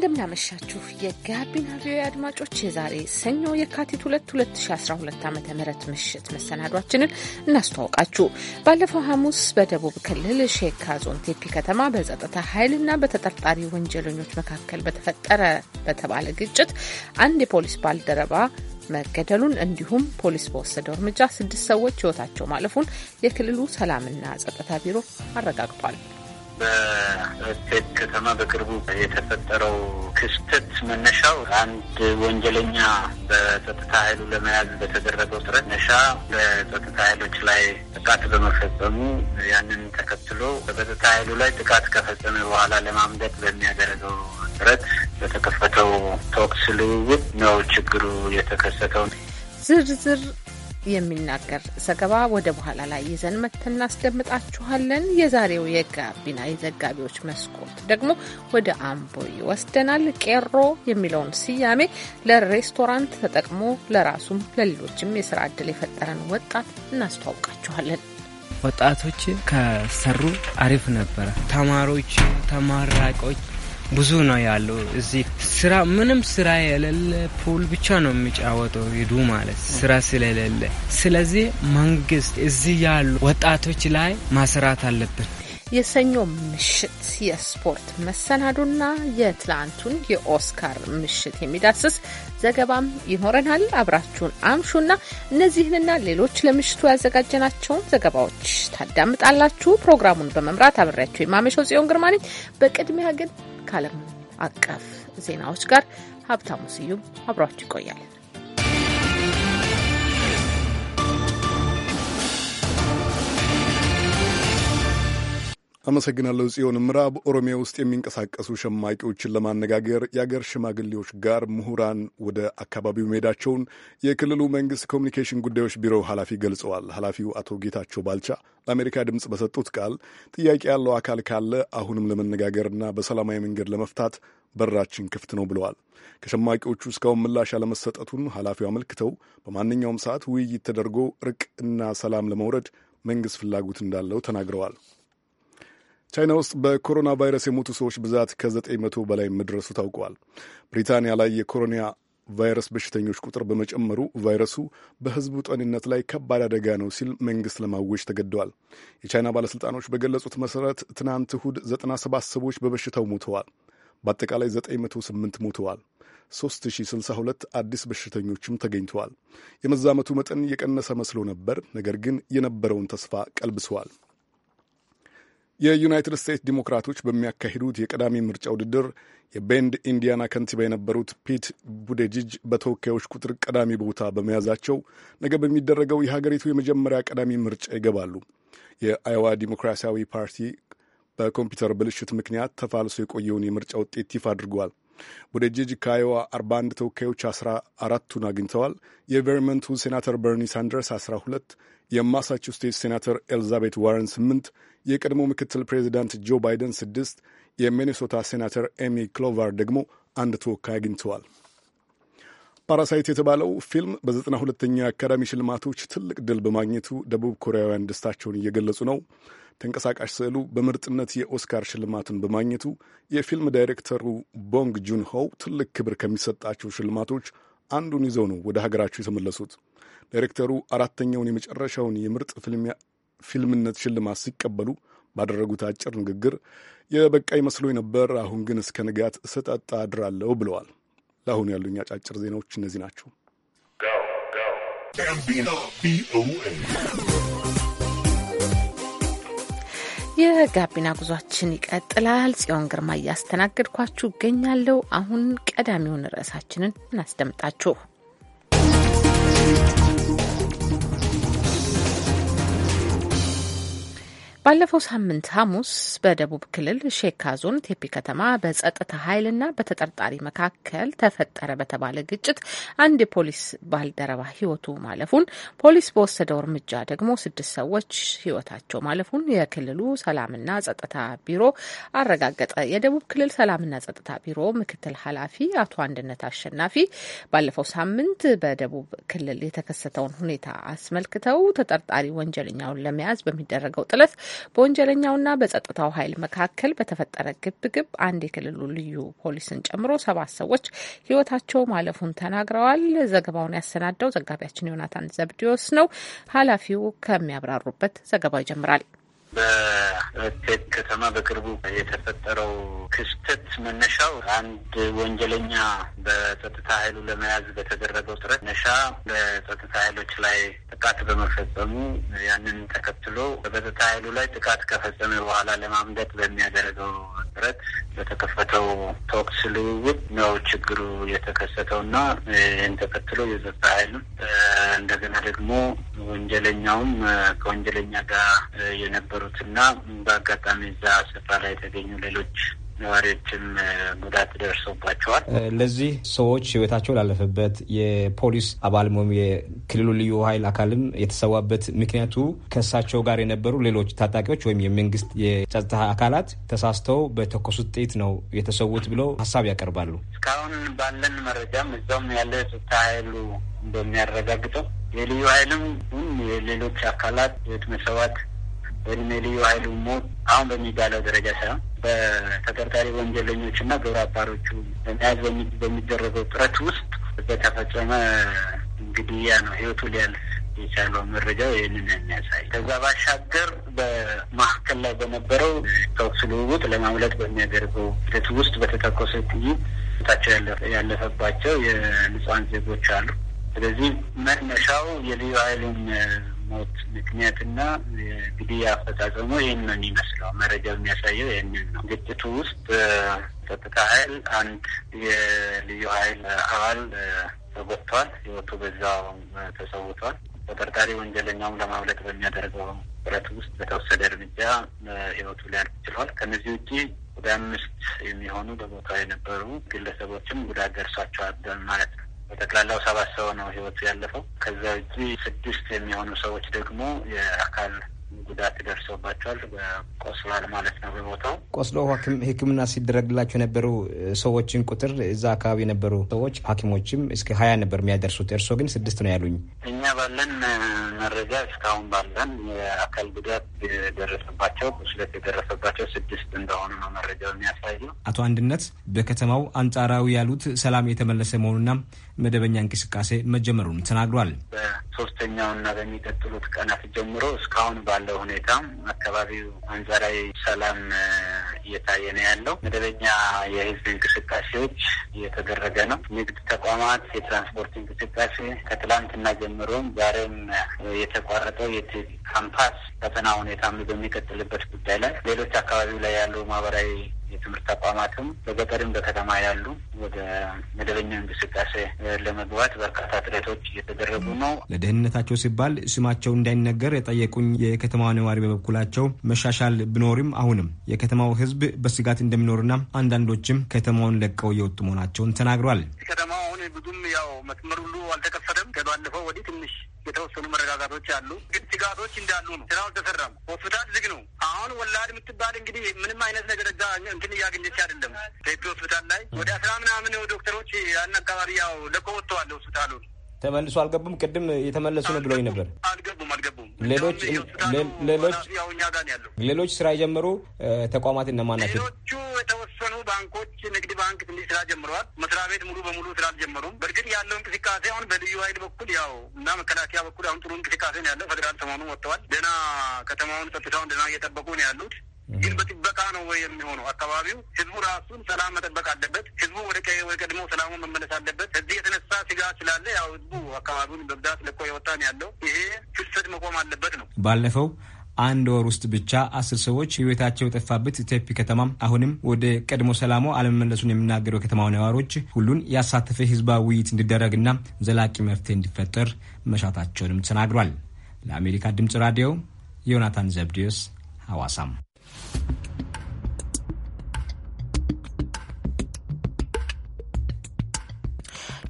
እንደምናመሻችሁ የጋቢና ቪኦኤ አድማጮች የዛሬ ሰኞ የካቲት 2 2012 ዓ ም ምሽት መሰናዷችንን እናስተዋውቃችሁ። ባለፈው ሐሙስ በደቡብ ክልል ሼካ ዞን ቴፒ ከተማ በጸጥታ ኃይልና በተጠርጣሪ ወንጀለኞች መካከል በተፈጠረ በተባለ ግጭት አንድ የፖሊስ ባልደረባ መገደሉን እንዲሁም ፖሊስ በወሰደው እርምጃ ስድስት ሰዎች ህይወታቸው ማለፉን የክልሉ ሰላምና ጸጥታ ቢሮ አረጋግጧል። በደሴት ከተማ በቅርቡ የተፈጠረው ክስተት መነሻው አንድ ወንጀለኛ በጸጥታ ኃይሉ ለመያዝ በተደረገው ጥረት ነሻ በጸጥታ ኃይሎች ላይ ጥቃት በመፈጸሙ ያንን ተከትሎ በጸጥታ ኃይሉ ላይ ጥቃት ከፈጸመ በኋላ ለማምለጥ በሚያደርገው ጥረት በተከፈተው ተኩስ ልውውጥ ነው ችግሩ የተከሰተው። ዝርዝር የሚናገር ዘገባ ወደ በኋላ ላይ ይዘን መተን እናስደምጣችኋለን። የዛሬው የጋቢና የዘጋቢዎች መስኮት ደግሞ ወደ አምቦ ይወስደናል። ቄሮ የሚለውን ስያሜ ለሬስቶራንት ተጠቅሞ ለራሱም ለሌሎችም የስራ እድል የፈጠረን ወጣት እናስተዋውቃችኋለን። ወጣቶች ከሰሩ አሪፍ ነበረ። ተማሪዎች፣ ተመራቂዎች ብዙ ነው ያለው። እዚህ ስራ ምንም ስራ የሌለ ፑል ብቻ ነው የሚጫወተው ሂዱ ማለት ስራ ስለሌለ፣ ስለዚህ መንግስት እዚህ ያሉ ወጣቶች ላይ ማስራት አለብን። የሰኞ ምሽት የስፖርት መሰናዱና የትላንቱን የኦስካር ምሽት የሚዳስስ ዘገባም ይኖረናል። አብራችሁን አምሹና እነዚህንና ሌሎች ለምሽቱ ያዘጋጀናቸውን ዘገባዎች ታዳምጣላችሁ። ፕሮግራሙን በመምራት አብሬያችሁ የማመሸው ጽዮን ግርማ ነኝ። በቅድሚያ ግን ከዓለም አቀፍ ዜናዎች ጋር ሀብታሙ ስዩም አብሯችሁ ይቆያል። አመሰግናለሁ ጽዮን። ምዕራብ ኦሮሚያ ውስጥ የሚንቀሳቀሱ ሸማቂዎችን ለማነጋገር የአገር ሽማግሌዎች ጋር ምሁራን ወደ አካባቢው መሄዳቸውን የክልሉ መንግስት ኮሚኒኬሽን ጉዳዮች ቢሮ ኃላፊ ገልጸዋል። ኃላፊው አቶ ጌታቸው ባልቻ ለአሜሪካ ድምፅ በሰጡት ቃል ጥያቄ ያለው አካል ካለ አሁንም ለመነጋገርና በሰላማዊ መንገድ ለመፍታት በራችን ክፍት ነው ብለዋል። ከሸማቂዎቹ እስካሁን ምላሽ ያለመሰጠቱን ኃላፊው አመልክተው በማንኛውም ሰዓት ውይይት ተደርጎ እርቅ እና ሰላም ለመውረድ መንግስት ፍላጎት እንዳለው ተናግረዋል። ቻይና ውስጥ በኮሮና ቫይረስ የሞቱ ሰዎች ብዛት ከዘጠኝ መቶ በላይ መድረሱ ታውቋል። ብሪታንያ ላይ የኮሮና ቫይረስ በሽተኞች ቁጥር በመጨመሩ ቫይረሱ በሕዝቡ ጤንነት ላይ ከባድ አደጋ ነው ሲል መንግስት ለማወጅ ተገደዋል። የቻይና ባለሥልጣኖች በገለጹት መሠረት ትናንት እሁድ 97 ሰዎች በበሽታው ሞተዋል። በአጠቃላይ 908 ሞተዋል። 3062 አዲስ በሽተኞችም ተገኝተዋል። የመዛመቱ መጠን የቀነሰ መስሎ ነበር፣ ነገር ግን የነበረውን ተስፋ ቀልብሰዋል። የዩናይትድ ስቴትስ ዲሞክራቶች በሚያካሂዱት የቀዳሚ ምርጫ ውድድር የቤንድ ኢንዲያና ከንቲባ የነበሩት ፒት ቡዴጅጅ በተወካዮች ቁጥር ቀዳሚ ቦታ በመያዛቸው ነገ በሚደረገው የሀገሪቱ የመጀመሪያ ቀዳሚ ምርጫ ይገባሉ። የአይዋ ዲሞክራሲያዊ ፓርቲ በኮምፒውተር ብልሽት ምክንያት ተፋልሶ የቆየውን የምርጫ ውጤት ይፋ አድርጓል። ወደ ጄጅ አዮዋ 41 ተወካዮች 14ቱን አግኝተዋል። የቨርመንቱ ሴናተር በርኒ ሳንደርስ 12፣ የማሳቹስቴትስ ሴናተር ኤልዛቤት ዋረን 8፣ የቀድሞ ምክትል ፕሬዚዳንት ጆ ባይደን 6፣ የሚኔሶታ ሴናተር ኤሚ ክሎቫር ደግሞ አንድ ተወካይ አግኝተዋል። ፓራሳይት የተባለው ፊልም በዘጠና ሁለተኛ አካዳሚ ሽልማቶች ትልቅ ድል በማግኘቱ ደቡብ ኮሪያውያን ደስታቸውን እየገለጹ ነው። ተንቀሳቃሽ ስዕሉ በምርጥነት የኦስካር ሽልማትን በማግኘቱ የፊልም ዳይሬክተሩ ቦንግ ጁን ሆው ትልቅ ክብር ከሚሰጣቸው ሽልማቶች አንዱን ይዘው ነው ወደ ሀገራቸው የተመለሱት። ዳይሬክተሩ አራተኛውን የመጨረሻውን የምርጥ ፊልምነት ሽልማት ሲቀበሉ ባደረጉት አጭር ንግግር የበቃ መስሎኝ ነበር፣ አሁን ግን እስከ ንጋት ስጠጣ አድራለሁ ብለዋል። ለአሁኑ ያሉኝ አጫጭር ዜናዎች እነዚህ ናቸው። የጋቢና ጉዟችን ይቀጥላል። ጽዮን ግርማ እያስተናገድኳችሁ እገኛለሁ። አሁን ቀዳሚውን ርዕሳችንን እናስደምጣችሁ። ባለፈው ሳምንት ሐሙስ በደቡብ ክልል ሼካ ዞን ቴፒ ከተማ በጸጥታ ኃይልና በተጠርጣሪ መካከል ተፈጠረ በተባለ ግጭት አንድ የፖሊስ ባልደረባ ሕይወቱ ማለፉን ፖሊስ በወሰደው እርምጃ ደግሞ ስድስት ሰዎች ሕይወታቸው ማለፉን የክልሉ ሰላምና ጸጥታ ቢሮ አረጋገጠ። የደቡብ ክልል ሰላምና ጸጥታ ቢሮ ምክትል ኃላፊ አቶ አንድነት አሸናፊ ባለፈው ሳምንት በደቡብ ክልል የተከሰተውን ሁኔታ አስመልክተው ተጠርጣሪ ወንጀለኛውን ለመያዝ በሚደረገው ጥለት በወንጀለኛውና በጸጥታው ኃይል መካከል በተፈጠረ ግብግብ አንድ የክልሉ ልዩ ፖሊስን ጨምሮ ሰባት ሰዎች ህይወታቸው ማለፉን ተናግረዋል። ዘገባውን ያሰናዳው ዘጋቢያችን ዮናታን ዘብዲዮስ ነው። ኃላፊው ከሚያብራሩበት ዘገባው ይጀምራል። በመተት ከተማ በቅርቡ የተፈጠረው ክስተት መነሻው አንድ ወንጀለኛ በጸጥታ ኃይሉ ለመያዝ በተደረገው ጥረት ነሻ በጸጥታ ኃይሎች ላይ ጥቃት በመፈጸሙ ያንን ተከትሎ በጸጥታ ኃይሉ ላይ ጥቃት ከፈጸመ በኋላ ለማምለጥ በሚያደርገው መሰረት በተከፈተው ተኩስ ልውውጥ ነው ችግሩ የተከሰተው እና ይህን ተከትሎ የጸጥታ ኃይልም እንደገና ደግሞ ወንጀለኛውም ከወንጀለኛ ጋር የነበሩትና በአጋጣሚ እዛ ስፍራ ላይ የተገኙ ሌሎች ነዋሪዎችም ጉዳት ደርሶባቸዋል። ለዚህ ሰዎች ህይወታቸው ላለፈበት የፖሊስ አባል ወይም የክልሉ ልዩ ኃይል አካልም የተሰዋበት ምክንያቱ ከእሳቸው ጋር የነበሩ ሌሎች ታጣቂዎች ወይም የመንግስት የጸጥታ አካላት ተሳስተው በተኮሱት ጥይት ነው የተሰዉት ብለው ሀሳብ ያቀርባሉ። እስካሁን ባለን መረጃም እዛውም ያለ ጸጥታ ኃይሉ እንደሚያረጋግጠው የልዩ ኃይልም የሌሎች አካላት ህይወት መሰዋት በእድሜ ልዩ ኃይሉ ሞት አሁን በሚባለው ደረጃ ሳይሆን በተጠርጣሪ ወንጀለኞችና ግብረ አባሮቹ ለመያዝ በሚደረገው ጥረት ውስጥ በተፈጸመ ግድያ ነው ህይወቱ ሊያልፍ የቻለው መረጃው ይህንን የሚያሳይ። ከዛ ባሻገር በማካከል ላይ በነበረው ተኩስ ልውውጥ ለማምለጥ በሚያደርገው ሂደት ውስጥ በተተኮሰ ጥይት ታቸው ያለፈባቸው የንጹሃን ዜጎች አሉ። ስለዚህ መነሻው የልዩ ኃይሉን ሞት ምክንያትና ግድያ አፈጻጸሙ ይህን ነው የሚመስለው። መረጃ የሚያሳየው ይህንን ነው። ግጭቱ ውስጥ ጸጥታ ኃይል አንድ የልዩ ኃይል አባል ተጎድቷል። ህይወቱ በዛው ተሰውቷል። ተጠርጣሪ ወንጀለኛውም ለማምለጥ በሚያደርገው ጥረት ውስጥ በተወሰደ እርምጃ ህይወቱ ሊያልፍ ችሏል። ከነዚህ ውጪ ወደ አምስት የሚሆኑ በቦታው የነበሩ ግለሰቦችም ጉዳት ደርሷቸዋል ማለት ነው። በጠቅላላው ሰባት ሰው ነው ህይወቱ ያለፈው። ከዛ ውጪ ስድስት የሚሆኑ ሰዎች ደግሞ የአካል ጉዳት ደርሶባቸዋል። ቆስሏል ማለት ነው በቦታው ቆስሎ ሕክምና ሲደረግላቸው የነበሩ ሰዎችን ቁጥር እዛ አካባቢ የነበሩ ሰዎች ሐኪሞችም እስከ ሀያ ነበር የሚያደርሱት። እርስዎ ግን ስድስት ነው ያሉኝ። እኛ ባለን መረጃ እስካሁን ባለን የአካል ጉዳት የደረሰባቸው ቁስለት የደረሰባቸው ስድስት እንደሆኑ ነው መረጃው የሚያሳየው። አቶ አንድነት በከተማው አንጻራዊ ያሉት ሰላም የተመለሰ መሆኑና መደበኛ እንቅስቃሴ መጀመሩን ተናግሯል። በሶስተኛውና በሚቀጥሉት ቀናት ጀምሮ እስካሁን ባለው ሁኔታም አካባቢው አንጻራዊ ሰላም እየታየ ነው ያለው። መደበኛ የህዝብ እንቅስቃሴዎች እየተደረገ ነው። ንግድ ተቋማት፣ የትራንስፖርት እንቅስቃሴ ከትላንትና ጀምሮም ዛሬም የተቋረጠው የካምፓስ ፈተናውን ሁኔታም በሚቀጥልበት ጉዳይ ላይ ሌሎች አካባቢ ላይ ያሉ ማህበራዊ የትምህርት ተቋማትም በገጠርም በከተማ ያሉ ወደ መደበኛ እንቅስቃሴ ለመግባት በርካታ ጥረቶች እየተደረጉ ነው። ለደህንነታቸው ሲባል ስማቸው እንዳይነገር የጠየቁኝ የከተማዋ ነዋሪ በበኩላቸው መሻሻል ቢኖርም አሁንም የከተማው ሕዝብ በስጋት እንደሚኖርና አንዳንዶችም ከተማውን ለቀው እየወጡ መሆናቸውን ተናግሯል። ከተማው አሁን ብዙም ያው መስመር ሁሉ አልተከፈተም። ከባለፈው ወዲህ ትንሽ የተወሰኑ መረጋጋቶች አሉ፣ ግን ስጋቶች እንዳሉ ነው። ስራው አልተሰራም። ሆስፒታል ዝግ ነው። አሁን ወላድ የምትባል እንግዲህ ምንም አይነት ነገር እዛ እንትን እያገኘች አይደለም። ቴፒ ሆስፒታል ላይ ወደ አስራ ምናምን ዶክተሮች ያን አካባቢ ያው ለቆ ወጥተዋል ሆስፒታሉ ተመልሶ አልገቡም። ቅድም የተመለሱ ነው ብሎኝ ነበር። አልገቡም አልገቡም። ሌሎች ሌሎች ሌሎች ስራ የጀመሩ ተቋማት እነማን ናቸው? ባንኮች ንግድ ባንክ ትንሽ ስራ ጀምረዋል። መስሪያ ቤት ሙሉ በሙሉ ስራ አልጀመሩም። በእርግጥ ያለው እንቅስቃሴ አሁን በልዩ ኃይል በኩል ያው እና መከላከያ በኩል አሁን ጥሩ እንቅስቃሴ ነው ያለው። ፌዴራል ሰሞኑን ወጥተዋል። ደህና ከተማውን ጸጥታውን ደህና እየጠበቁ ነው ያሉት። ግን በጥበቃ ነው ወይ የሚሆነው? አካባቢው ህዝቡ ራሱን ሰላም መጠበቅ አለበት። ህዝቡ ወደ ቀድሞ ሰላሙ መመለስ አለበት። እዚህ የተነሳ ስጋት ስላለ ያው ህዝቡ አካባቢውን በብዛት ለቆ የወጣ ነው ያለው። ይሄ ፍሰት መቆም አለበት ነው ባለፈው አንድ ወር ውስጥ ብቻ አስር ሰዎች ህይወታቸው የጠፋበት ቴፒ ከተማ አሁንም ወደ ቀድሞ ሰላሙ አለመመለሱን የሚናገረው የከተማው ነዋሪዎች ሁሉን ያሳተፈ ህዝባዊ ውይይት እንዲደረግና ዘላቂ መፍትሄ እንዲፈጠር መሻታቸውንም ተናግሯል። ለአሜሪካ ድምጽ ራዲዮ ዮናታን ዘብዲዮስ ሐዋሳም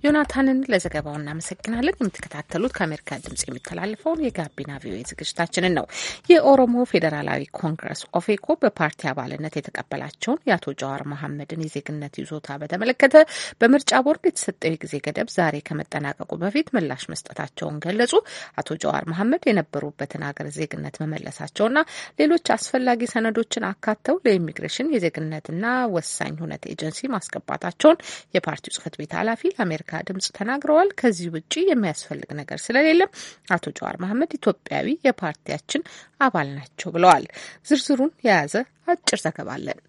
ዮናታንን ለዘገባው እናመሰግናለን። የምትከታተሉት ከአሜሪካ ድምጽ የሚተላለፈውን የጋቢና ቪኦኤ ዝግጅታችንን ነው። የኦሮሞ ፌዴራላዊ ኮንግረስ ኦፌኮ በፓርቲ አባልነት የተቀበላቸውን የአቶ ጀዋር መሐመድን የዜግነት ይዞታ በተመለከተ በምርጫ ቦርድ የተሰጠው የጊዜ ገደብ ዛሬ ከመጠናቀቁ በፊት ምላሽ መስጠታቸውን ገለጹ። አቶ ጀዋር መሐመድ የነበሩበትን ሀገር ዜግነት መመለሳቸውና ሌሎች አስፈላጊ ሰነዶችን አካተው ለኢሚግሬሽን የዜግነትና ወሳኝ ሁነት ኤጀንሲ ማስገባታቸውን የፓርቲው ጽህፈት ቤት ኃላፊ ለአሜሪካ ለአሜሪካ ድምጽ ተናግረዋል። ከዚህ ውጭ የሚያስፈልግ ነገር ስለሌለም አቶ ጀዋር መሐመድ ኢትዮጵያዊ የፓርቲያችን አባል ናቸው ብለዋል። ዝርዝሩን የያዘ አጭር ዘገባ አለን።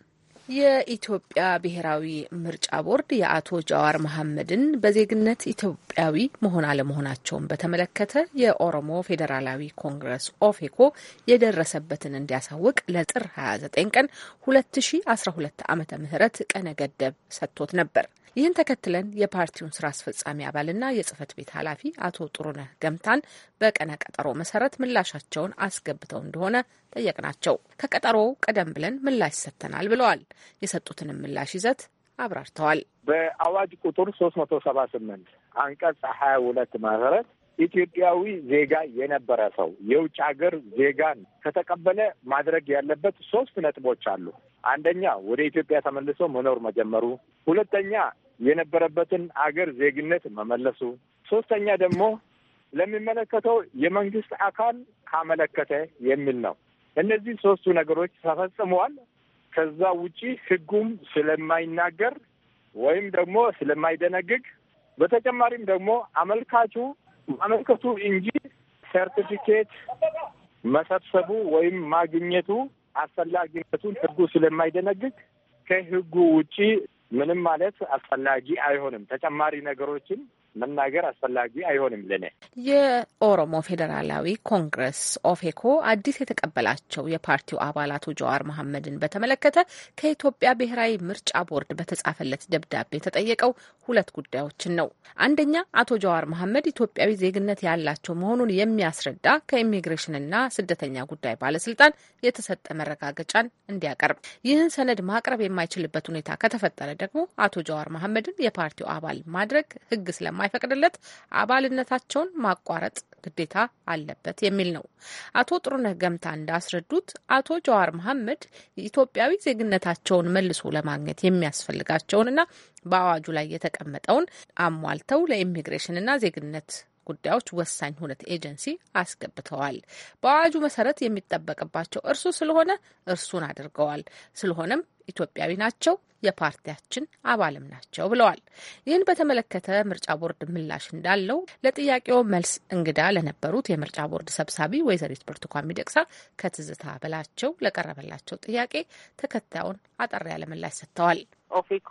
የኢትዮጵያ ብሔራዊ ምርጫ ቦርድ የአቶ ጃዋር መሐመድን በዜግነት ኢትዮጵያዊ መሆን አለመሆናቸውን በተመለከተ የኦሮሞ ፌዴራላዊ ኮንግረስ ኦፌኮ የደረሰበትን እንዲያሳውቅ ለጥር 29 ቀን 2012 ዓ ም ቀነ ገደብ ሰጥቶት ነበር። ይህን ተከትለን የፓርቲውን ስራ አስፈጻሚ አባልና የጽህፈት ቤት ኃላፊ አቶ ጥሩነህ ገምታን በቀነ ቀጠሮ መሰረት ምላሻቸውን አስገብተው እንደሆነ ጠየቅናቸው። ከቀጠሮው ቀደም ብለን ምላሽ ሰጥተናል ብለዋል። የሰጡትንም ምላሽ ይዘት አብራርተዋል። በአዋጅ ቁጥር ሶስት መቶ ሰባ ስምንት አንቀጽ ሀያ ሁለት መሰረት ኢትዮጵያዊ ዜጋ የነበረ ሰው የውጭ ሀገር ዜጋን ከተቀበለ ማድረግ ያለበት ሶስት ነጥቦች አሉ። አንደኛ ወደ ኢትዮጵያ ተመልሶ መኖር መጀመሩ፣ ሁለተኛ የነበረበትን አገር ዜግነት መመለሱ፣ ሶስተኛ ደግሞ ለሚመለከተው የመንግስት አካል ካመለከተ የሚል ነው። እነዚህ ሶስቱ ነገሮች ተፈጽመዋል። ከዛ ውጪ ህጉም ስለማይናገር ወይም ደግሞ ስለማይደነግግ በተጨማሪም ደግሞ አመልካቹ ማመልከቱ እንጂ ሰርቲፊኬት መሰብሰቡ ወይም ማግኘቱ አስፈላጊነቱን ህጉ ስለማይደነግግ ከህጉ ውጪ ምንም ማለት አስፈላጊ አይሆንም። ተጨማሪ ነገሮችን መናገር አስፈላጊ አይሆንም። ለኔ የኦሮሞ ፌዴራላዊ ኮንግረስ ኦፌኮ አዲስ የተቀበላቸው የፓርቲው አባላቱ ጀዋር መሐመድን በተመለከተ ከኢትዮጵያ ብሔራዊ ምርጫ ቦርድ በተጻፈለት ደብዳቤ የተጠየቀው ሁለት ጉዳዮችን ነው። አንደኛ አቶ ጀዋር መሐመድ ኢትዮጵያዊ ዜግነት ያላቸው መሆኑን የሚያስረዳ ከኢሚግሬሽንና ስደተኛ ጉዳይ ባለስልጣን የተሰጠ መረጋገጫን እንዲያቀርብ፣ ይህን ሰነድ ማቅረብ የማይችልበት ሁኔታ ከተፈጠረ ደግሞ አቶ ጀዋር መሐመድን የፓርቲው አባል ማድረግ ህግ ስለማ ስለማይፈቅድለት አባልነታቸውን ማቋረጥ ግዴታ አለበት የሚል ነው። አቶ ጥሩነህ ገምታ እንዳስረዱት አቶ ጀዋር መሐመድ ኢትዮጵያዊ ዜግነታቸውን መልሶ ለማግኘት የሚያስፈልጋቸውንና በአዋጁ ላይ የተቀመጠውን አሟልተው ለኢሚግሬሽንና ዜግነት ጉዳዮች ወሳኝ ሁነት ኤጀንሲ አስገብተዋል። በአዋጁ መሰረት የሚጠበቅባቸው እርሱ ስለሆነ እርሱን አድርገዋል። ስለሆነም ኢትዮጵያዊ ናቸው፣ የፓርቲያችን አባልም ናቸው ብለዋል። ይህን በተመለከተ ምርጫ ቦርድ ምላሽ እንዳለው ለጥያቄው መልስ እንግዳ ለነበሩት የምርጫ ቦርድ ሰብሳቢ ወይዘሪት ብርቱካን ሚደቅሳ ከትዝታ በላቸው ለቀረበላቸው ጥያቄ ተከታዩን አጠር ያለ ምላሽ ሰጥተዋል። ኦፌኮ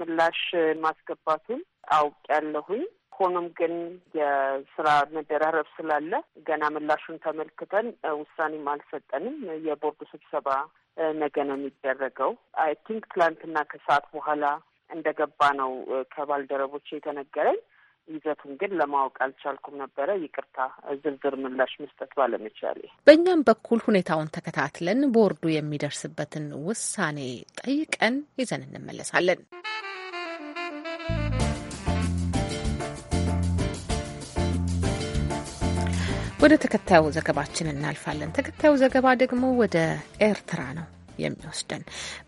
ምላሽ ማስገባቱን አውቅ ያለሁኝ ሆኖም ግን የስራ መደራረብ ስላለ ገና ምላሹን ተመልክተን ውሳኔም አልሰጠንም። የቦርዱ ስብሰባ ነገ ነው የሚደረገው። አይ ቲንክ ትላንትና ከሰዓት በኋላ እንደገባ ነው ከባልደረቦች የተነገረኝ። ይዘቱን ግን ለማወቅ አልቻልኩም ነበረ። ይቅርታ ዝርዝር ምላሽ መስጠት ባለመቻሌ። በእኛም በኩል ሁኔታውን ተከታትለን ቦርዱ የሚደርስበትን ውሳኔ ጠይቀን ይዘን እንመለሳለን። ወደ ተከታዩ ዘገባችን እናልፋለን። ተከታዩ ዘገባ ደግሞ ወደ ኤርትራ ነው። የሚወስደን።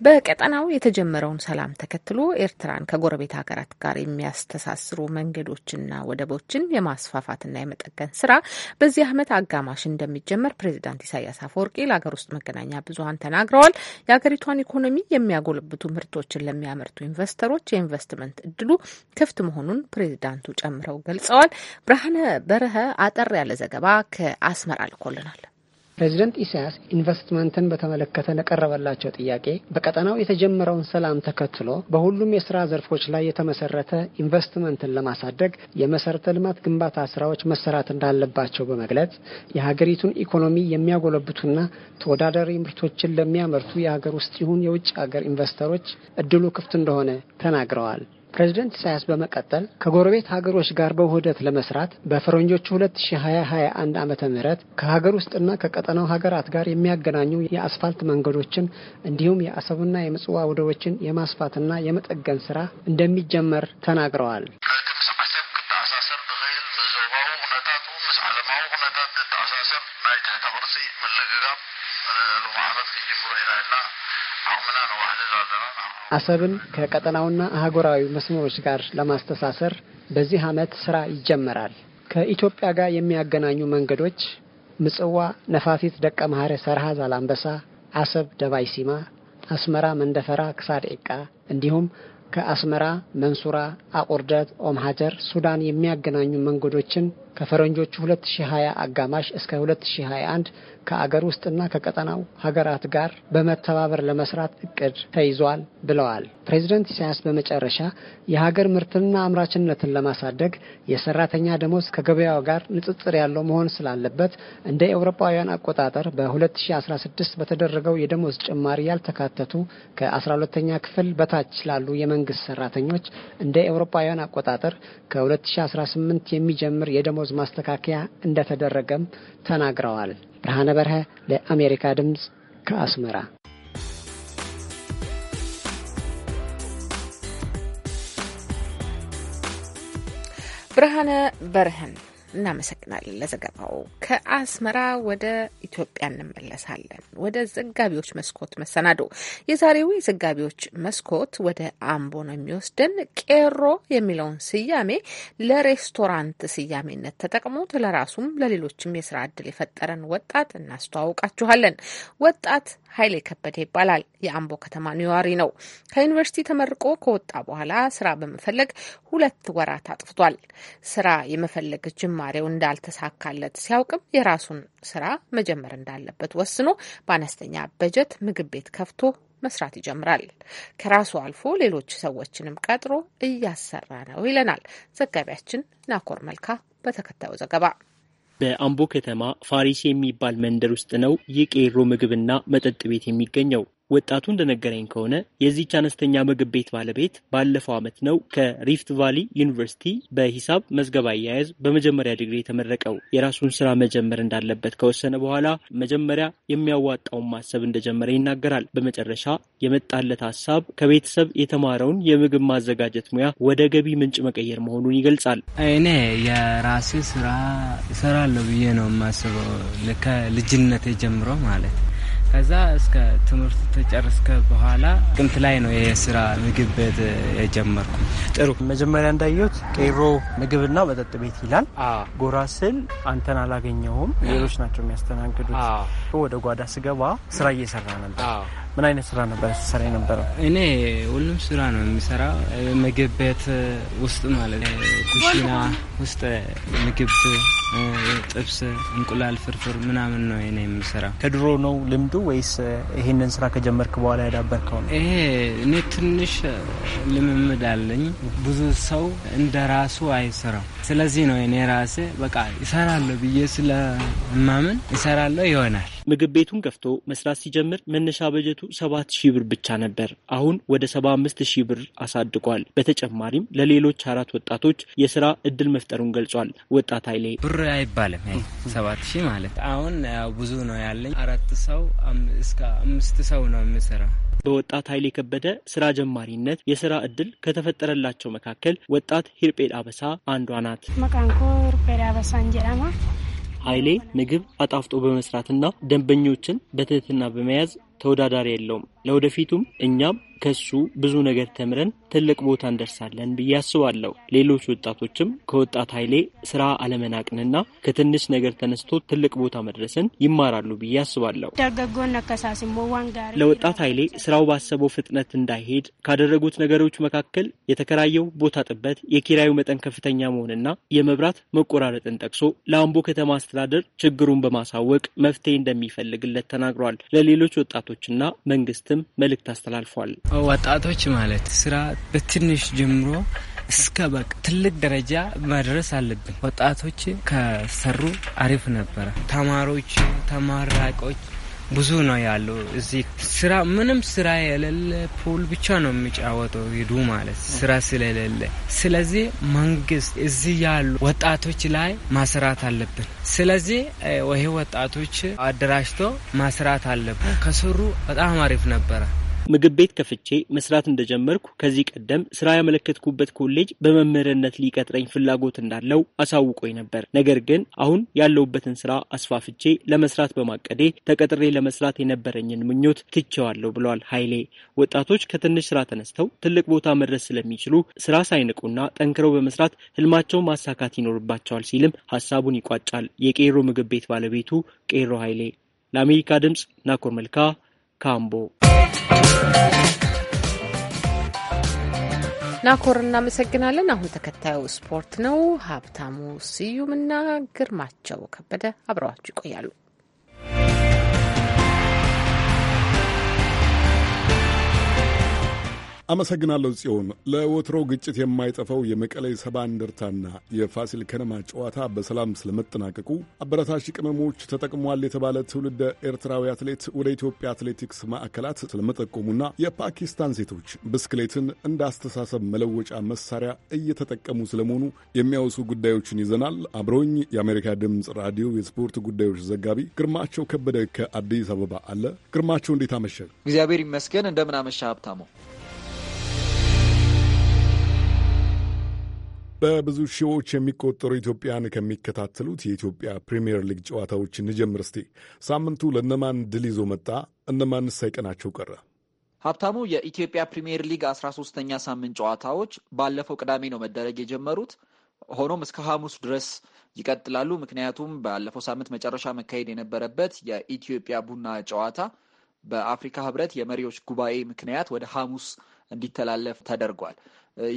በቀጠናው የተጀመረውን ሰላም ተከትሎ ኤርትራን ከጎረቤት ሀገራት ጋር የሚያስተሳስሩ መንገዶችና ወደቦችን የማስፋፋትና የመጠገን ስራ በዚህ ዓመት አጋማሽ እንደሚጀመር ፕሬዚዳንት ኢሳያስ አፈወርቂ ለሀገር ውስጥ መገናኛ ብዙኃን ተናግረዋል። የሀገሪቷን ኢኮኖሚ የሚያጎለብቱ ምርቶችን ለሚያመርቱ ኢንቨስተሮች የኢንቨስትመንት እድሉ ክፍት መሆኑን ፕሬዚዳንቱ ጨምረው ገልጸዋል። ብርሃነ በረሀ አጠር ያለ ዘገባ ከአስመራ ልኮልናል። ፕሬዚደንት ኢሳያስ ኢንቨስትመንትን በተመለከተ ለቀረበላቸው ጥያቄ በቀጠናው የተጀመረውን ሰላም ተከትሎ በሁሉም የስራ ዘርፎች ላይ የተመሰረተ ኢንቨስትመንትን ለማሳደግ የመሰረተ ልማት ግንባታ ስራዎች መሰራት እንዳለባቸው በመግለጽ የሀገሪቱን ኢኮኖሚ የሚያጎለብቱና ተወዳዳሪ ምርቶችን ለሚያመርቱ የሀገር ውስጥ ይሁን የውጭ ሀገር ኢንቨስተሮች እድሉ ክፍት እንደሆነ ተናግረዋል። ፕሬዚደንት ኢሳያስ በመቀጠል ከጎረቤት ሀገሮች ጋር በውህደት ለመስራት በፈረንጆቹ 2021 ዓ ም ከሀገር ውስጥና ከቀጠናው ሀገራት ጋር የሚያገናኙ የአስፋልት መንገዶችን እንዲሁም የአሰብና የምጽዋ ወደቦችን የማስፋትና የመጠገን ስራ እንደሚጀመር ተናግረዋል። አሰብን ከቀጠናውና አህጉራዊ መስመሮች ጋር ለማስተሳሰር በዚህ ዓመት ስራ ይጀመራል። ከኢትዮጵያ ጋር የሚያገናኙ መንገዶች ምጽዋ፣ ነፋፊት፣ ደቀ መሐረ፣ ሰርሃ፣ ዛላምበሳ፣ አሰብ፣ ደባይ ሲማ፣ አስመራ፣ መንደፈራ፣ ዒቃ እንዲሁም ከአስመራ መንሱራ፣ አቁርደት፣ ኦም ሀጀር ሱዳን የሚያገናኙ መንገዶችን ከፈረንጆቹ 2020 አጋማሽ እስከ 2021 ከአገር ውስጥና ከቀጠናው ሀገራት ጋር በመተባበር ለመስራት እቅድ ተይዟል ብለዋል። ፕሬዚደንት ኢሳያስ በመጨረሻ የሀገር ምርትና አምራችነትን ለማሳደግ የሰራተኛ ደሞዝ ከገበያው ጋር ንጽጽር ያለው መሆን ስላለበት እንደ ኤውሮፓውያን አቆጣጠር በ2016 በተደረገው የደሞዝ ጭማሪ ያልተካተቱ ከ12ኛ ክፍል በታች ላሉ የመንግስት ሰራተኞች እንደ ኤውሮፓውያን አቆጣጠር ከ2018 የሚጀምር የደሞዝ የደሞዝ ማስተካከያ እንደተደረገም ተናግረዋል። ብርሃነ በርሀ ለአሜሪካ ድምፅ ከአስመራ ብርሃነ በርህን እናመሰግናለን። እናመሰግናለን ለዘገባው። ከአስመራ ወደ ኢትዮጵያ እንመለሳለን። ወደ ዘጋቢዎች መስኮት መሰናዶ የዛሬው የዘጋቢዎች መስኮት ወደ አምቦ ነው የሚወስደን። ቄሮ የሚለውን ስያሜ ለሬስቶራንት ስያሜነት ተጠቅሞት ለራሱም ለሌሎችም የስራ እድል የፈጠረን ወጣት እናስተዋውቃችኋለን። ወጣት ኃይሌ ከበደ ይባላል። የአምቦ ከተማ ነዋሪ ነው። ከዩኒቨርሲቲ ተመርቆ ከወጣ በኋላ ስራ በመፈለግ ሁለት ወራት አጥፍቷል። ስራ የመፈለግ ጅማሬው እንዳል እንዳልተሳካለት ሲያውቅም የራሱን ስራ መጀመር እንዳለበት ወስኖ በአነስተኛ በጀት ምግብ ቤት ከፍቶ መስራት ይጀምራል። ከራሱ አልፎ ሌሎች ሰዎችንም ቀጥሮ እያሰራ ነው ይለናል ዘጋቢያችን ናኮር መልካ በተከታዩ ዘገባ። በአምቦ ከተማ ፋሪስ የሚባል መንደር ውስጥ ነው የቄሮ ምግብና መጠጥ ቤት የሚገኘው። ወጣቱ እንደነገረኝ ከሆነ የዚች አነስተኛ ምግብ ቤት ባለቤት ባለፈው ዓመት ነው ከሪፍት ቫሊ ዩኒቨርሲቲ በሂሳብ መዝገብ አያያዝ በመጀመሪያ ዲግሪ የተመረቀው። የራሱን ስራ መጀመር እንዳለበት ከወሰነ በኋላ መጀመሪያ የሚያዋጣውን ማሰብ እንደጀመረ ይናገራል። በመጨረሻ የመጣለት ሀሳብ ከቤተሰብ የተማረውን የምግብ ማዘጋጀት ሙያ ወደ ገቢ ምንጭ መቀየር መሆኑን ይገልጻል። እኔ የራሴ ስራ እሰራለሁ ብዬ ነው የማስበው ከልጅነቴ ጀምሮ ማለት ከዛ እስከ ትምህርት ተጨርስከ በኋላ ጥቅምት ላይ ነው የስራ ምግብ ቤት የጀመርኩ። ጥሩ መጀመሪያ እንዳየሁት ቄሮ ምግብና መጠጥ ቤት ይላል። ጎራ ስል አንተን አላገኘሁም፣ ሌሎች ናቸው የሚያስተናግዱት። ወደ ጓዳ ስገባ ስራ እየሰራ ነበር ምን አይነት ስራ ነበር ስሰራ የነበረው? እኔ ሁሉም ስራ ነው የሚሰራ ምግብ ቤት ውስጥ ማለት ኩሽና ውስጥ ምግብ፣ ጥብስ፣ እንቁላል ፍርፍር ምናምን ነው እኔ የምሰራ። ከድሮ ነው ልምዱ ወይስ ይሄንን ስራ ከጀመርክ በኋላ ያዳበርከው ነው? ይሄ እኔ ትንሽ ልምምድ አለኝ። ብዙ ሰው እንደ ራሱ አይሰራም። ስለዚህ ነው እኔ ራሴ በቃ ይሰራለሁ ብዬ ስለማምን ይሰራለሁ ይሆናል ምግብ ቤቱን ከፍቶ መስራት ሲጀምር መነሻ በጀቱ ሰባት ሺህ ብር ብቻ ነበር። አሁን ወደ ሰባ አምስት ሺህ ብር አሳድጓል። በተጨማሪም ለሌሎች አራት ወጣቶች የስራ እድል መፍጠሩን ገልጿል። ወጣት ኃይሌ ብር አይባልም ሰባት ሺህ ማለት አሁን ብዙ ነው ያለኝ አራት ሰው እስከ አምስት ሰው ነው የምሰራ በወጣት ኃይሌ ከበደ ስራ ጀማሪነት የስራ እድል ከተፈጠረላቸው መካከል ወጣት ሂርጴድ አበሳ አንዷ ናት። መቃንኮ ሂርጴድ አበሳ እንጀራማ ኃይሌ ምግብ አጣፍጦ በመስራትና ደንበኞችን በትህትና በመያዝ ተወዳዳሪ የለውም። ለወደፊቱም እኛም ከሱ ብዙ ነገር ተምረን ትልቅ ቦታ እንደርሳለን ብዬ አስባለሁ። ሌሎች ወጣቶችም ከወጣት ኃይሌ ስራ አለመናቅንና ከትንሽ ነገር ተነስቶ ትልቅ ቦታ መድረስን ይማራሉ ብዬ አስባለሁ። ለወጣት ኃይሌ ስራው ባሰበው ፍጥነት እንዳይሄድ ካደረጉት ነገሮች መካከል የተከራየው ቦታ ጥበት፣ የኪራዩ መጠን ከፍተኛ መሆንና የመብራት መቆራረጥን ጠቅሶ ለአምቦ ከተማ አስተዳደር ችግሩን በማሳወቅ መፍትሄ እንደሚፈልግለት ተናግሯል። ለሌሎች ወጣቶችና መንግስትም መልእክት አስተላልፏል። ወጣቶች ማለት ስራ በትንሽ ጀምሮ እስከ በቃ ትልቅ ደረጃ መድረስ አለብን። ወጣቶች ከሰሩ አሪፍ ነበረ። ተማሪዎች፣ ተማራቆች ብዙ ነው ያለው። እዚህ ስራ ምንም ስራ የሌለ ፑል ብቻ ነው የሚጫወተው ሂዱ ማለት ስራ ስለሌለ፣ ስለዚህ መንግስት እዚህ ያሉ ወጣቶች ላይ ማስራት አለብን። ስለዚህ ይሄ ወጣቶች አደራጅቶ ማስራት አለብን። ከሰሩ በጣም አሪፍ ነበረ። ምግብ ቤት ከፍቼ መስራት እንደጀመርኩ ከዚህ ቀደም ስራ ያመለከትኩበት ኮሌጅ በመምህርነት ሊቀጥረኝ ፍላጎት እንዳለው አሳውቆኝ ነበር። ነገር ግን አሁን ያለውበትን ስራ አስፋፍቼ ለመስራት በማቀዴ ተቀጥሬ ለመስራት የነበረኝን ምኞት ትቼዋለሁ ብለዋል ኃይሌ። ወጣቶች ከትንሽ ስራ ተነስተው ትልቅ ቦታ መድረስ ስለሚችሉ ስራ ሳይንቁና ጠንክረው በመስራት ህልማቸው ማሳካት ይኖርባቸዋል ሲልም ሀሳቡን ይቋጫል። የቄሮ ምግብ ቤት ባለቤቱ ቄሮ ኃይሌ። ለአሜሪካ ድምፅ ናኮር መልካ ካምቦ ናኮር እናመሰግናለን። አሁን ተከታዩ ስፖርት ነው። ሀብታሙ ስዩምና ግርማቸው ከበደ አብረዋችሁ ይቆያሉ። አመሰግናለሁ ጽዮን። ለወትሮ ግጭት የማይጠፋው የመቀሌ ሰባ እንደርታና የፋሲል ከነማ ጨዋታ በሰላም ስለመጠናቀቁ አበረታሽ ቅመሞች ተጠቅሟል የተባለ ትውልደ ኤርትራዊ አትሌት ወደ ኢትዮጵያ አትሌቲክስ ማዕከላት ስለመጠቆሙና የፓኪስታን ሴቶች ብስክሌትን እንደ አስተሳሰብ መለወጫ መሳሪያ እየተጠቀሙ ስለመሆኑ የሚያወሱ ጉዳዮችን ይዘናል። አብረውኝ የአሜሪካ ድምፅ ራዲዮ የስፖርት ጉዳዮች ዘጋቢ ግርማቸው ከበደ ከአዲስ አበባ አለ። ግርማቸው እንዴት አመሸ? እግዚአብሔር ይመስገን። እንደምን አመሻ ሀብታሙ። በብዙ ሺዎች የሚቆጠሩ ኢትዮጵያን ከሚከታተሉት የኢትዮጵያ ፕሪምየር ሊግ ጨዋታዎች እንጀምር እስቲ። ሳምንቱ ለእነማን ድል ይዞ መጣ? እነማን ሳይቀናቸው ቀረ? ሀብታሙ፣ የኢትዮጵያ ፕሪምየር ሊግ አስራ ሶስተኛ ሳምንት ጨዋታዎች ባለፈው ቅዳሜ ነው መደረግ የጀመሩት። ሆኖም እስከ ሐሙስ ድረስ ይቀጥላሉ። ምክንያቱም ባለፈው ሳምንት መጨረሻ መካሄድ የነበረበት የኢትዮጵያ ቡና ጨዋታ በአፍሪካ ህብረት የመሪዎች ጉባኤ ምክንያት ወደ ሐሙስ እንዲተላለፍ ተደርጓል።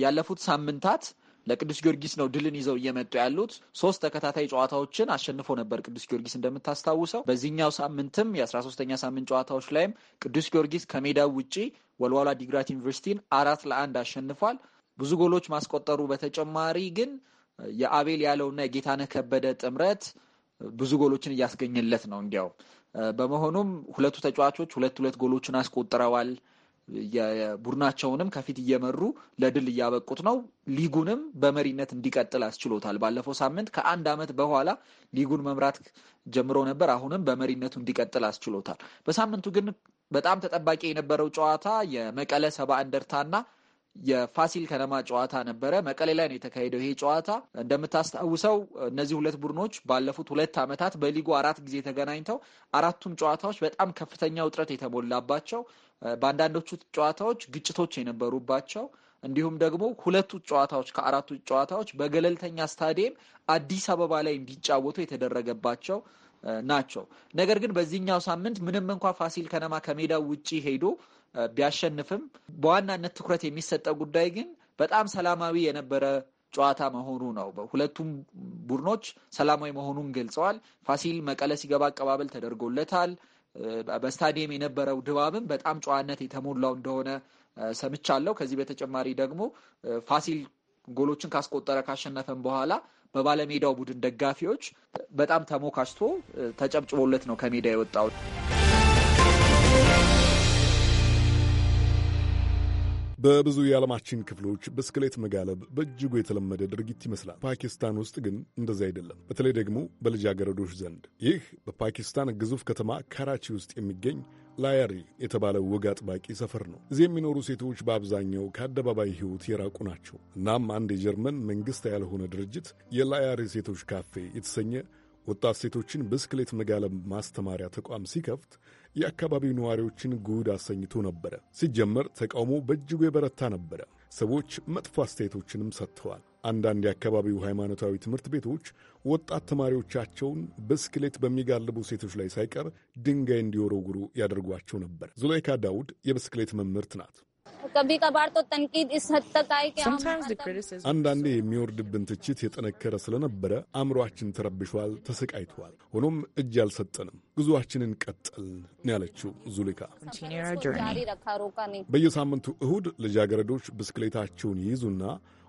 ያለፉት ሳምንታት ለቅዱስ ጊዮርጊስ ነው ድልን ይዘው እየመጡ ያሉት። ሶስት ተከታታይ ጨዋታዎችን አሸንፎ ነበር ቅዱስ ጊዮርጊስ እንደምታስታውሰው። በዚህኛው ሳምንትም የ 13 ተኛ ሳምንት ጨዋታዎች ላይም ቅዱስ ጊዮርጊስ ከሜዳው ውጪ ወልዋሏ ዲግራት ዩኒቨርሲቲን አራት ለአንድ አሸንፏል። ብዙ ጎሎች ማስቆጠሩ በተጨማሪ ግን የአቤል ያለውና የጌታነህ ከበደ ጥምረት ብዙ ጎሎችን እያስገኘለት ነው። እንዲያው በመሆኑም ሁለቱ ተጫዋቾች ሁለት ሁለት ጎሎችን አስቆጥረዋል። ቡድናቸውንም ከፊት እየመሩ ለድል እያበቁት ነው። ሊጉንም በመሪነት እንዲቀጥል አስችሎታል። ባለፈው ሳምንት ከአንድ ዓመት በኋላ ሊጉን መምራት ጀምሮ ነበር። አሁንም በመሪነቱ እንዲቀጥል አስችሎታል። በሳምንቱ ግን በጣም ተጠባቂ የነበረው ጨዋታ የመቀለ ሰባ እንደርታና የፋሲል ከነማ ጨዋታ ነበረ። መቀሌ ላይ ነው የተካሄደው ይሄ ጨዋታ። እንደምታስታውሰው እነዚህ ሁለት ቡድኖች ባለፉት ሁለት ዓመታት በሊጉ አራት ጊዜ ተገናኝተው አራቱም ጨዋታዎች በጣም ከፍተኛ ውጥረት የተሞላባቸው፣ በአንዳንዶቹ ጨዋታዎች ግጭቶች የነበሩባቸው እንዲሁም ደግሞ ሁለቱ ጨዋታዎች ከአራቱ ጨዋታዎች በገለልተኛ ስታዲየም አዲስ አበባ ላይ እንዲጫወቱ የተደረገባቸው ናቸው። ነገር ግን በዚህኛው ሳምንት ምንም እንኳ ፋሲል ከነማ ከሜዳው ውጪ ሄዶ ቢያሸንፍም በዋናነት ትኩረት የሚሰጠው ጉዳይ ግን በጣም ሰላማዊ የነበረ ጨዋታ መሆኑ ነው። ሁለቱም ቡድኖች ሰላማዊ መሆኑን ገልጸዋል። ፋሲል መቀለ ሲገባ አቀባበል ተደርጎለታል። በስታዲየም የነበረው ድባብም በጣም ጨዋነት የተሞላው እንደሆነ ሰምቻለሁ። ከዚህ በተጨማሪ ደግሞ ፋሲል ጎሎችን ካስቆጠረ ካሸነፈን በኋላ በባለሜዳው ቡድን ደጋፊዎች በጣም ተሞካሽቶ ተጨብጭቦለት ነው ከሜዳ የወጣው። በብዙ የዓለማችን ክፍሎች ብስክሌት መጋለብ በእጅጉ የተለመደ ድርጊት ይመስላል። ፓኪስታን ውስጥ ግን እንደዚህ አይደለም፣ በተለይ ደግሞ በልጃገረዶች ዘንድ። ይህ በፓኪስታን ግዙፍ ከተማ ካራቺ ውስጥ የሚገኝ ላያሪ የተባለ ወግ አጥባቂ ሰፈር ነው። እዚህ የሚኖሩ ሴቶች በአብዛኛው ከአደባባይ ሕይወት የራቁ ናቸው። እናም አንድ የጀርመን መንግሥት ያልሆነ ድርጅት የላያሪ ሴቶች ካፌ የተሰኘ ወጣት ሴቶችን ብስክሌት መጋለብ ማስተማሪያ ተቋም ሲከፍት የአካባቢው ነዋሪዎችን ጉድ አሰኝቶ ነበረ። ሲጀመር ተቃውሞ በእጅጉ የበረታ ነበረ። ሰዎች መጥፎ አስተያየቶችንም ሰጥተዋል። አንዳንድ የአካባቢው ሃይማኖታዊ ትምህርት ቤቶች ወጣት ተማሪዎቻቸውን ብስክሌት በሚጋልቡ ሴቶች ላይ ሳይቀር ድንጋይ እንዲወረውሩ ያደርጓቸው ነበር። ዙላይካ ዳውድ የብስክሌት መምህርት ናት። አንዳንዴ የሚወርድብን ትችት የጠነከረ ስለነበረ አእምሯችን ተረብሿል፣ ተሰቃይተዋል። ሆኖም እጅ አልሰጠንም፣ ጉዞአችንን ቀጠል ነው ያለችው ዙሊካ። በየሳምንቱ እሁድ ልጃገረዶች ብስክሌታቸውን ይይዙና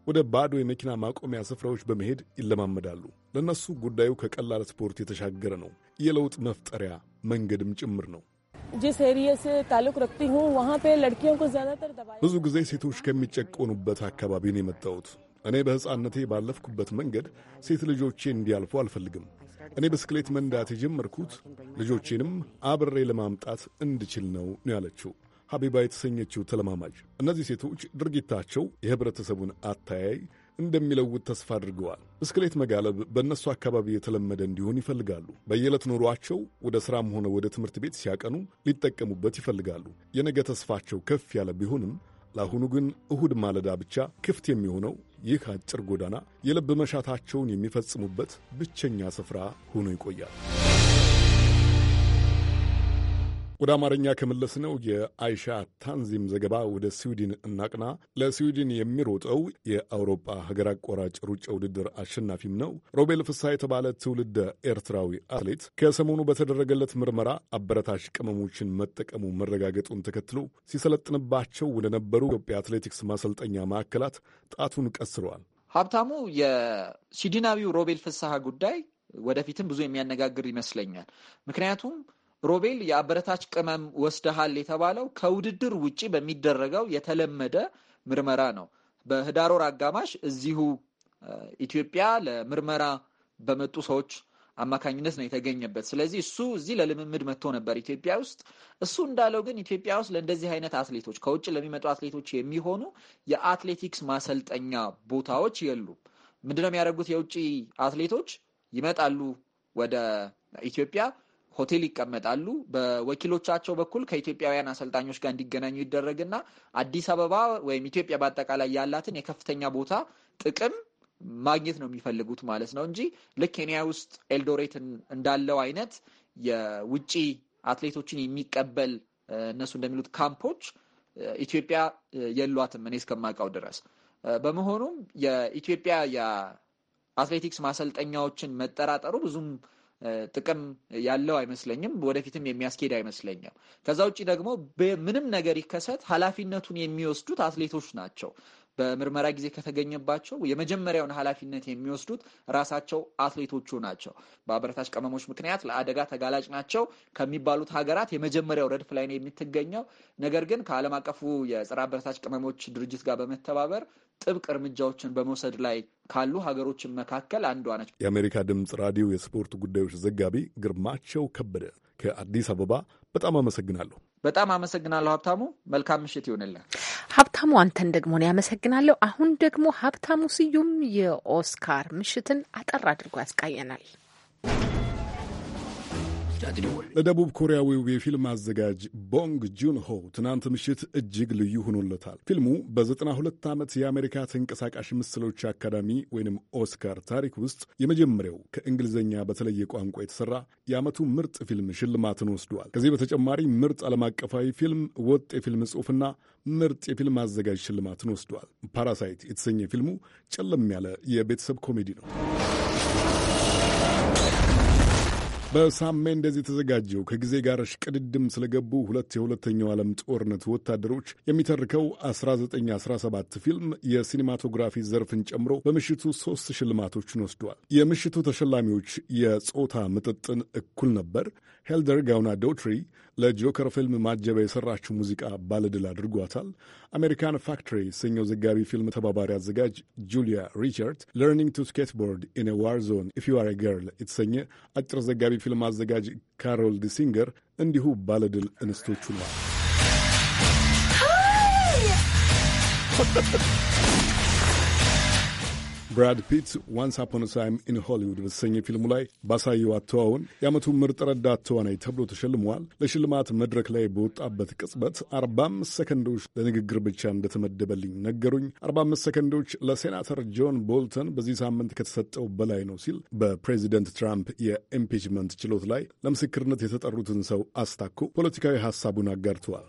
ወደ ባዶ የመኪና ማቆሚያ ስፍራዎች በመሄድ ይለማመዳሉ። ለእነሱ ጉዳዩ ከቀላል ስፖርት የተሻገረ ነው፣ የለውጥ መፍጠሪያ መንገድም ጭምር ነው። ጅስ ኤሪየስ ታሉቅ ረክቲ ሁ ወሃ ፔ ለድኪዮን ኮ ዛዳተር ደባ ብዙ ጊዜ ሴቶች ከሚጨቆኑበት አካባቢ ነው የመጣሁት። እኔ በሕፃንነቴ ባለፍኩበት መንገድ ሴት ልጆቼ እንዲያልፉ አልፈልግም። እኔ ብስክሌት መንዳት የጀመርኩት ልጆቼንም አብሬ ለማምጣት እንድችል ነው ነው ያለችው ሀቢባ የተሰኘችው ተለማማጅ። እነዚህ ሴቶች ድርጊታቸው የህብረተሰቡን አተያይ እንደሚለውጥ ተስፋ አድርገዋል። ብስክሌት መጋለብ በእነሱ አካባቢ የተለመደ እንዲሆን ይፈልጋሉ። በየዕለት ኑሯቸው ወደ ሥራም ሆነ ወደ ትምህርት ቤት ሲያቀኑ ሊጠቀሙበት ይፈልጋሉ። የነገ ተስፋቸው ከፍ ያለ ቢሆንም ለአሁኑ ግን እሁድ ማለዳ ብቻ ክፍት የሚሆነው ይህ አጭር ጎዳና የልብ መሻታቸውን የሚፈጽሙበት ብቸኛ ስፍራ ሆኖ ይቆያል። ወደ አማርኛ ከመለስ ነው የአይሻ ታንዚም ዘገባ ወደ ስዊድን እናቅና። ለስዊድን የሚሮጠው የአውሮፓ ሀገር አቋራጭ ሩጫ ውድድር አሸናፊም ነው ሮቤል ፍሳ የተባለ ትውልደ ኤርትራዊ አትሌት ከሰሞኑ በተደረገለት ምርመራ አበረታሽ ቅመሞችን መጠቀሙ መረጋገጡን ተከትሎ ሲሰለጥንባቸው ወደ ነበሩ ኢትዮጵያ አትሌቲክስ ማሰልጠኛ ማዕከላት ጣቱን ቀስረዋል። ሀብታሙ የስዊድናዊው ሮቤል ፍስሐ ጉዳይ ወደፊትም ብዙ የሚያነጋግር ይመስለኛል። ምክንያቱም ሮቤል የአበረታች ቅመም ወስደሃል የተባለው ከውድድር ውጭ በሚደረገው የተለመደ ምርመራ ነው። በህዳር ወር አጋማሽ እዚሁ ኢትዮጵያ ለምርመራ በመጡ ሰዎች አማካኝነት ነው የተገኘበት። ስለዚህ እሱ እዚህ ለልምምድ መጥቶ ነበር ኢትዮጵያ ውስጥ። እሱ እንዳለው ግን ኢትዮጵያ ውስጥ ለእንደዚህ አይነት አትሌቶች ከውጭ ለሚመጡ አትሌቶች የሚሆኑ የአትሌቲክስ ማሰልጠኛ ቦታዎች የሉም። ምንድነው የሚያደርጉት? የውጭ አትሌቶች ይመጣሉ ወደ ኢትዮጵያ ሆቴል ይቀመጣሉ። በወኪሎቻቸው በኩል ከኢትዮጵያውያን አሰልጣኞች ጋር እንዲገናኙ ይደረግና አዲስ አበባ ወይም ኢትዮጵያ በአጠቃላይ ያላትን የከፍተኛ ቦታ ጥቅም ማግኘት ነው የሚፈልጉት ማለት ነው እንጂ ልክ ኬንያ ውስጥ ኤልዶሬት እንዳለው አይነት የውጭ አትሌቶችን የሚቀበል እነሱ እንደሚሉት ካምፖች ኢትዮጵያ የሏትም እኔ እስከማውቀው ድረስ። በመሆኑም የኢትዮጵያ የአትሌቲክስ ማሰልጠኛዎችን መጠራጠሩ ብዙም ጥቅም ያለው አይመስለኝም። ወደፊትም የሚያስኬድ አይመስለኝም። ከዛ ውጭ ደግሞ ምንም ነገር ይከሰት ኃላፊነቱን የሚወስዱት አትሌቶች ናቸው። በምርመራ ጊዜ ከተገኘባቸው የመጀመሪያውን ኃላፊነት የሚወስዱት ራሳቸው አትሌቶቹ ናቸው። በአበረታች ቅመሞች ምክንያት ለአደጋ ተጋላጭ ናቸው ከሚባሉት ሀገራት የመጀመሪያው ረድፍ ላይ ነው የምትገኘው። ነገር ግን ከዓለም አቀፉ የጸረ አበረታች ቅመሞች ድርጅት ጋር በመተባበር ጥብቅ እርምጃዎችን በመውሰድ ላይ ካሉ ሀገሮችን መካከል አንዷ ነች። የአሜሪካ ድምፅ ራዲዮ የስፖርት ጉዳዮች ዘጋቢ ግርማቸው ከበደ ከአዲስ አበባ በጣም አመሰግናለሁ። በጣም አመሰግናለሁ ሀብታሙ። መልካም ምሽት ይሆንልን። ሀብታሙ አንተን ደግሞ ነው ያመሰግናለሁ። አሁን ደግሞ ሀብታሙ ስዩም የኦስካር ምሽትን አጠር አድርጎ ያስቃየናል። ለደቡብ ኮሪያዊው የፊልም አዘጋጅ ቦንግ ሆ ትናንት ምሽት እጅግ ልዩ ሆኖለታል። ፊልሙ በ92 ዓመት የአሜሪካ ተንቀሳቃሽ ምስሎች አካዳሚ ወይም ኦስካር ታሪክ ውስጥ የመጀመሪያው ከእንግሊዝኛ በተለየ ቋንቋ የተሰራ የዓመቱ ምርጥ ፊልም ሽልማትን ወስዷል። ከዚህ በተጨማሪ ምርጥ ዓለም አቀፋዊ ፊልም፣ ወጥ የፊልም ጽሑፍና ምርጥ የፊልም አዘጋጅ ሽልማትን ወስዷል። ፓራሳይት የተሰኘ ፊልሙ ጨለም ያለ የቤተሰብ ኮሜዲ ነው። በሳም ሜንዴዝ የተዘጋጀው ከጊዜ ጋር ሽቅድድም ስለገቡ ሁለት የሁለተኛው ዓለም ጦርነት ወታደሮች የሚተርከው 1917 ፊልም የሲኒማቶግራፊ ዘርፍን ጨምሮ በምሽቱ ሶስት ሽልማቶችን ወስዷል። የምሽቱ ተሸላሚዎች የጾታ ምጥጥን እኩል ነበር፣ ሄልደር ጋውና ዶትሪ ለጆከር ፊልም ማጀቢያ የሠራችው ሙዚቃ ባለድል አድርጓታል። አሜሪካን ፋክትሪ የተሰኘው ዘጋቢ ፊልም ተባባሪ አዘጋጅ ጁሊያ ሪቻርድ ለርኒንግ ቱ ስኬትቦርድ ኢን ዋር ዞን ኢፍ ዩ አር ገርል የተሰኘ አጭር ዘጋቢ ፊልም አዘጋጅ ካሮል ዲሲንገር እንዲሁ ባለድል እንስቶቹ ነዋል። ብራድ ፒት ዋንስ አፖን ታይም ኢን ሆሊውድ በተሰኘ ፊልሙ ላይ ባሳየው አተዋውን የዓመቱ ምርጥ ረዳት ተዋናይ ተብሎ ተሸልመዋል። ለሽልማት መድረክ ላይ በወጣበት ቅጽበት 45 ሰከንዶች ለንግግር ብቻ እንደተመደበልኝ ነገሩኝ። 45 ሰከንዶች ለሴናተር ጆን ቦልተን በዚህ ሳምንት ከተሰጠው በላይ ነው ሲል በፕሬዚደንት ትራምፕ የኢምፒችመንት ችሎት ላይ ለምስክርነት የተጠሩትን ሰው አስታኮ ፖለቲካዊ ሀሳቡን አጋርተዋል።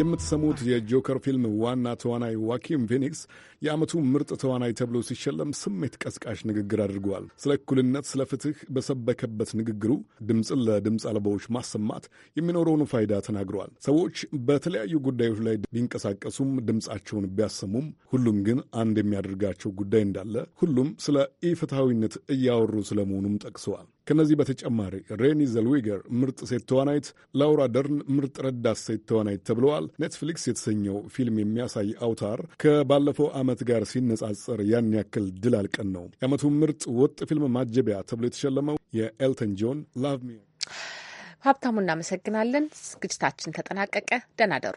የምትሰሙት የጆከር ፊልም ዋና ተዋናይ ዋኪም ፌኒክስ የዓመቱ ምርጥ ተዋናይ ተብሎ ሲሸለም ስሜት ቀስቃሽ ንግግር አድርገዋል። ስለ እኩልነት፣ ስለ ፍትህ በሰበከበት ንግግሩ ድምፅን ለድምፅ አልባዎች ማሰማት የሚኖረውን ፋይዳ ተናግረዋል። ሰዎች በተለያዩ ጉዳዮች ላይ ቢንቀሳቀሱም ድምፃቸውን ቢያሰሙም ሁሉም ግን አንድ የሚያደርጋቸው ጉዳይ እንዳለ ሁሉም ስለ ኢፍትሐዊነት እያወሩ ስለመሆኑም ጠቅሰዋል። ከነዚህ በተጨማሪ ሬኒ ዘልዊገር ምርጥ ሴት ተዋናይት፣ ላውራ ደርን ምርጥ ረዳት ሴት ተዋናይት ተብለዋል። ኔትፍሊክስ የተሰኘው ፊልም የሚያሳይ አውታር ከባለፈው ዓመት ጋር ሲነጻጸር ያን ያክል ድል አልቀን ነው። የዓመቱ ምርጥ ወጥ ፊልም ማጀቢያ ተብሎ የተሸለመው የኤልተን ጆን ላቭ ሚ። ሀብታሙ እናመሰግናለን። ዝግጅታችን ተጠናቀቀ። ደህና ደሩ።